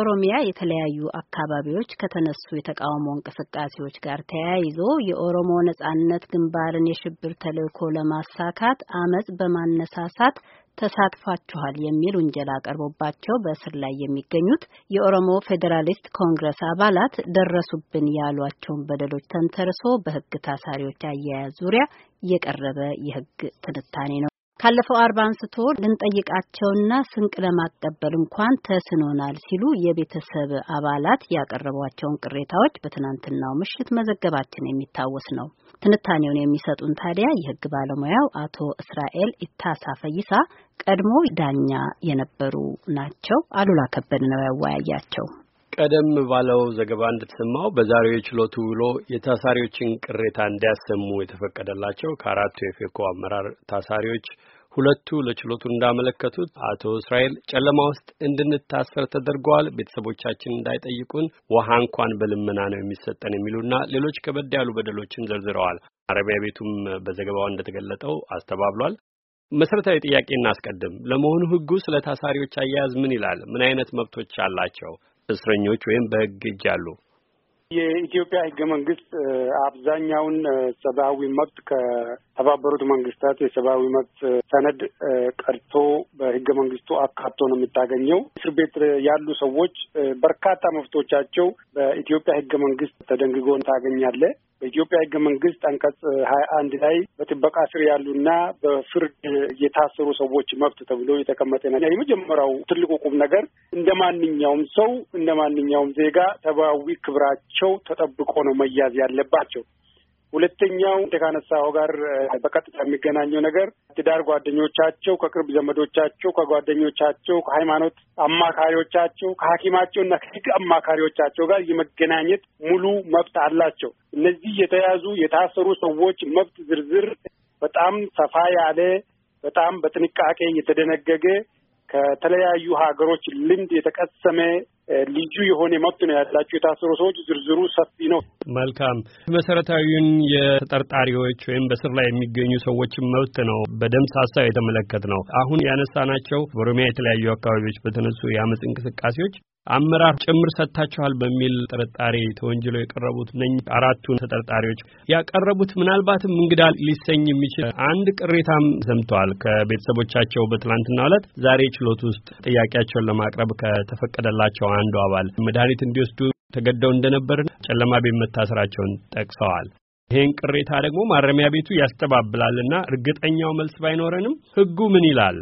በኦሮሚያ የተለያዩ አካባቢዎች ከተነሱ የተቃውሞ እንቅስቃሴዎች ጋር ተያይዞ የኦሮሞ ነጻነት ግንባርን የሽብር ተልዕኮ ለማሳካት አመፅ በማነሳሳት ተሳትፏችኋል የሚል ውንጀላ ቀርቦባቸው በእስር ላይ የሚገኙት የኦሮሞ ፌዴራሊስት ኮንግረስ አባላት ደረሱብን ያሏቸውን በደሎች ተንተርሶ በሕግ ታሳሪዎች አያያዝ ዙሪያ የቀረበ የሕግ ትንታኔ ነው። ካለፈው አርባ አንስቶ ልንጠይቃቸውና ስንቅ ለማቀበል እንኳን ተስኖናል ሲሉ የቤተሰብ አባላት ያቀረቧቸውን ቅሬታዎች በትናንትናው ምሽት መዘገባችን የሚታወስ ነው። ትንታኔውን የሚሰጡን ታዲያ የሕግ ባለሙያው አቶ እስራኤል ኢታሳ ፈይሳ ቀድሞ ዳኛ የነበሩ ናቸው። አሉላ ከበድ ነው ያወያያቸው። ቀደም ባለው ዘገባ እንደተሰማው በዛሬው የችሎቱ ውሎ የታሳሪዎችን ቅሬታ እንዲያሰሙ የተፈቀደላቸው ከአራቱ የፌኮ አመራር ታሳሪዎች ሁለቱ ለችሎቱ እንዳመለከቱት አቶ እስራኤል ጨለማ ውስጥ እንድንታሰር ተደርገዋል፣ ቤተሰቦቻችን እንዳይጠይቁን ውሃ እንኳን በልመና ነው የሚሰጠን የሚሉና ሌሎች ከበድ ያሉ በደሎችን ዘርዝረዋል። አረቢያ ቤቱም በዘገባው እንደተገለጠው አስተባብሏል። መሰረታዊ ጥያቄ እናስቀድም። ለመሆኑ ሕጉ ስለ ታሳሪዎች አያያዝ ምን ይላል? ምን አይነት መብቶች አላቸው? እስረኞች ወይም በህግ እጅ አሉ። የኢትዮጵያ ህገ መንግስት አብዛኛውን ሰብአዊ መብት ከተባበሩት መንግስታት የሰብአዊ መብት ሰነድ ቀርቶ በህገ መንግስቱ አካቶ ነው የምታገኘው። እስር ቤት ያሉ ሰዎች በርካታ መብቶቻቸው በኢትዮጵያ ህገ መንግስት ተደንግጎ ታገኛለ። በኢትዮጵያ ህገ መንግስት አንቀጽ ሀያ አንድ ላይ በጥበቃ ስር ያሉና በፍርድ የታሰሩ ሰዎች መብት ተብሎ የተቀመጠ ነ የመጀመሪያው ትልቁ ቁም ነገር እንደ ማንኛውም ሰው እንደ ማንኛውም ዜጋ ሰብአዊ ክብራቸው ተጠብቆ ነው መያዝ ያለባቸው። ሁለተኛው ካነሳው ጋር በቀጥታ የሚገናኘው ነገር ትዳር ጓደኞቻቸው፣ ከቅርብ ዘመዶቻቸው፣ ከጓደኞቻቸው፣ ከሃይማኖት አማካሪዎቻቸው፣ ከሐኪማቸው እና ከህግ አማካሪዎቻቸው ጋር የመገናኘት ሙሉ መብት አላቸው። እነዚህ የተያዙ የታሰሩ ሰዎች መብት ዝርዝር በጣም ሰፋ ያለ በጣም በጥንቃቄ የተደነገገ ከተለያዩ ሀገሮች ልምድ የተቀሰመ ልዩ የሆነ መብት ነው ያላቸው የታሰሩ ሰዎች ዝርዝሩ ሰፊ ነው። መልካም መሰረታዊውን የተጠርጣሪዎች ወይም በስር ላይ የሚገኙ ሰዎችን መብት ነው በደም ሳሳብ የተመለከት ነው። አሁን ያነሳናቸው በኦሮሚያ የተለያዩ አካባቢዎች በተነሱ የአመፅ እንቅስቃሴዎች አመራር ጭምር ሰጥታችኋል በሚል ጥርጣሬ ተወንጅለው የቀረቡት ነኝ አራቱን ተጠርጣሪዎች ያቀረቡት ምናልባትም እንግዳ ሊሰኝ የሚችል አንድ ቅሬታም ሰምተዋል። ከቤተሰቦቻቸው በትላንትና ዕለት ዛሬ ችሎት ውስጥ ጥያቄያቸውን ለማቅረብ ከተፈቀደላቸው አንዱ አባል መድኃኒት እንዲወስዱ ተገደው እንደነበር ጨለማ ቤት መታሰራቸውን ጠቅሰዋል። ይህን ቅሬታ ደግሞ ማረሚያ ቤቱ ያስተባብላልና እርግጠኛው መልስ ባይኖረንም ህጉ ምን ይላል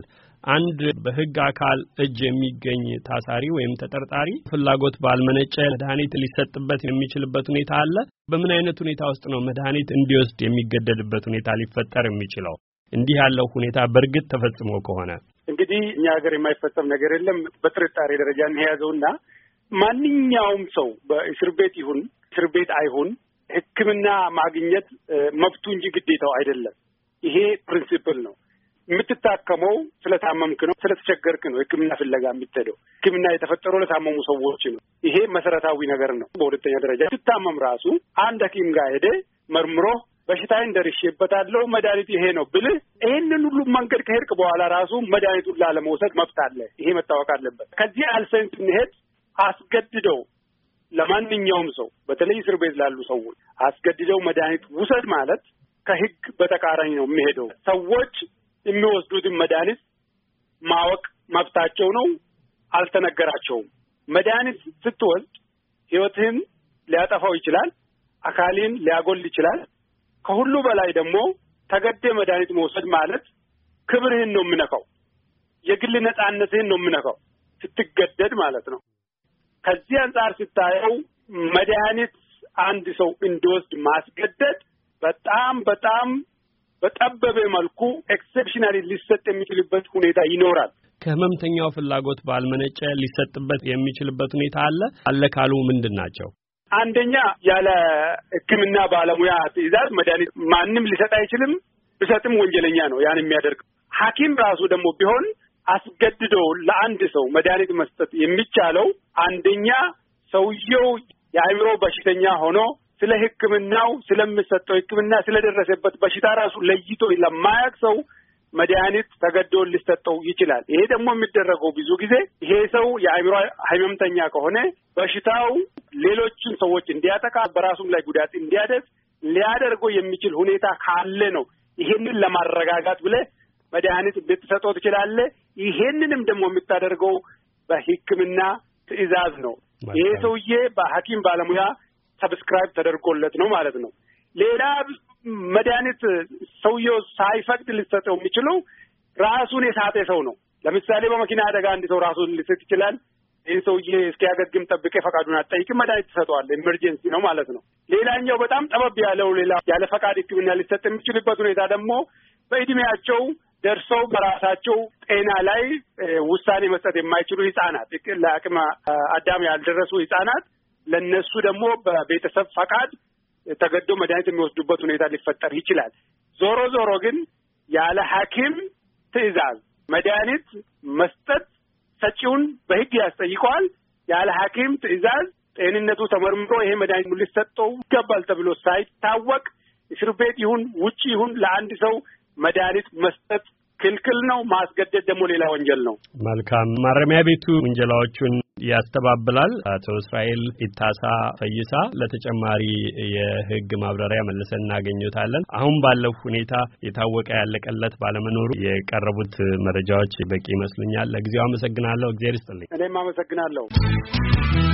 አንድ በህግ አካል እጅ የሚገኝ ታሳሪ ወይም ተጠርጣሪ ፍላጎት ባልመነጨ መድኃኒት ሊሰጥበት የሚችልበት ሁኔታ አለ። በምን አይነት ሁኔታ ውስጥ ነው መድኃኒት እንዲወስድ የሚገደድበት ሁኔታ ሊፈጠር የሚችለው? እንዲህ ያለው ሁኔታ በእርግጥ ተፈጽሞ ከሆነ እንግዲህ እኛ ሀገር የማይፈጸም ነገር የለም። በጥርጣሬ ደረጃ እንያዘውና ማንኛውም ሰው በእስር ቤት ይሁን እስር ቤት አይሁን ሕክምና ማግኘት መብቱ እንጂ ግዴታው አይደለም። ይሄ ፕሪንሲፕል ነው። የምትታከመው ስለታመምክ ነው፣ ስለተቸገርክ ነው ሕክምና ፍለጋ የምትሄደው። ሕክምና የተፈጠረው ለታመሙ ሰዎች ነው። ይሄ መሰረታዊ ነገር ነው። በሁለተኛ ደረጃ ትታመም ራሱ አንድ ሐኪም ጋር ሄደ መርምሮ በሽታዬን ደርሼበታለሁ መድኃኒት ይሄ ነው ብልህ ይህንን ሁሉ መንገድ ከሄድክ በኋላ ራሱ መድኃኒቱን ላለመውሰድ መብት አለ። ይሄ መታወቅ አለበት። ከዚህ አልፈን ስንሄድ አስገድደው ለማንኛውም ሰው በተለይ እስር ቤት ላሉ ሰዎች አስገድደው መድኃኒት ውሰድ ማለት ከህግ በተቃራኒ ነው የሚሄደው። ሰዎች የሚወስዱትን መድኃኒት ማወቅ መብታቸው ነው። አልተነገራቸውም። መድኃኒት ስትወስድ ህይወትህን ሊያጠፋው ይችላል፣ አካልን ሊያጎል ይችላል። ከሁሉ በላይ ደግሞ ተገዴ መድኃኒት መውሰድ ማለት ክብርህን ነው የምነካው፣ የግል ነጻነትህን ነው የምነካው ስትገደድ ማለት ነው። ከዚህ አንጻር ስታየው መድኃኒት አንድ ሰው እንዲወስድ ማስገደድ በጣም በጣም በጠበበ መልኩ ኤክሴፕሽናሊ ሊሰጥ የሚችልበት ሁኔታ ይኖራል። ከህመምተኛው ፍላጎት ባልመነጨ ሊሰጥበት የሚችልበት ሁኔታ አለ አለ ካሉ ምንድን ናቸው? አንደኛ ያለ ሕክምና ባለሙያ ትዕዛዝ መድኃኒት ማንም ሊሰጥ አይችልም። ብሰጥም ወንጀለኛ ነው ያን የሚያደርግ ሐኪም ራሱ ደግሞ ቢሆን አስገድዶ ለአንድ ሰው መድኃኒት መስጠት የሚቻለው አንደኛ ሰውየው የአእምሮ በሽተኛ ሆኖ ስለ ሕክምናው ስለሚሰጠው ሕክምና ስለደረሰበት በሽታ ራሱ ለይቶ ለማያቅ ሰው መድኃኒት ተገዶ ሊሰጠው ይችላል። ይሄ ደግሞ የሚደረገው ብዙ ጊዜ ይሄ ሰው የአእምሮ ህመምተኛ ከሆነ በሽታው ሌሎችን ሰዎች እንዲያጠቃ፣ በራሱም ላይ ጉዳት እንዲያደርስ ሊያደርገው የሚችል ሁኔታ ካለ ነው። ይሄንን ለማረጋጋት ብለህ መድኃኒት ልትሰጠው ትችላለህ። ይሄንንም ደግሞ የምታደርገው በህክምና ትዕዛዝ ነው። ይሄ ሰውዬ በሐኪም ባለሙያ ሰብስክራይብ ተደርጎለት ነው ማለት ነው። ሌላ መድኃኒት ሰውየው ሳይፈቅድ ሊሰጠው የሚችለው ራሱን የሳጠ ሰው ነው። ለምሳሌ በመኪና አደጋ አንድ ሰው ራሱን ሊሰጥ ይችላል። ይህ ሰውዬ እስኪያገግም ጠብቀ ፈቃዱን አትጠይቅም፣ መድኃኒት ትሰጠዋለህ። ኤመርጀንሲ ነው ማለት ነው። ሌላኛው በጣም ጠበብ ያለው ሌላ ያለ ፈቃድ ሕክምና ሊሰጥ የሚችልበት ሁኔታ ደግሞ በእድሜያቸው ደርሰው በራሳቸው ጤና ላይ ውሳኔ መስጠት የማይችሉ ህጻናት፣ ለአቅመ አዳም ያልደረሱ ህጻናት ለእነሱ ደግሞ በቤተሰብ ፈቃድ ተገዶ መድኃኒት የሚወስዱበት ሁኔታ ሊፈጠር ይችላል። ዞሮ ዞሮ ግን ያለ ሐኪም ትዕዛዝ መድኃኒት መስጠት ሰጪውን በሕግ ያስጠይቀዋል። ያለ ሐኪም ትዕዛዝ ጤንነቱ ተመርምሮ ይሄ መድኃኒት ሊሰጠው ይገባል ተብሎ ሳይታወቅ እስር ቤት ይሁን ውጭ ይሁን ለአንድ ሰው መድኃኒት መስጠት ክልክል ነው። ማስገደድ ደግሞ ሌላ ወንጀል ነው። መልካም ማረሚያ ቤቱ ወንጀላዎቹን ያስተባብላል። አቶ እስራኤል ኢታሳ ፈይሳ ለተጨማሪ የህግ ማብራሪያ መልሰን እናገኘታለን። አሁን ባለው ሁኔታ የታወቀ ያለቀለት ባለመኖሩ የቀረቡት መረጃዎች በቂ ይመስሉኛል። ለጊዜው አመሰግናለሁ። እግዜር ይስጥልኝ። እኔም አመሰግናለሁ።